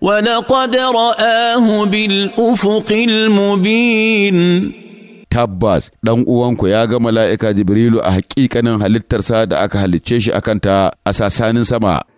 ولقد رآه بالأفق المبين tabbas ɗan uwanku ya ga mala'ika Jibrilu a hakikanin halittarsa da aka halicce shi akanta a sasanin sama.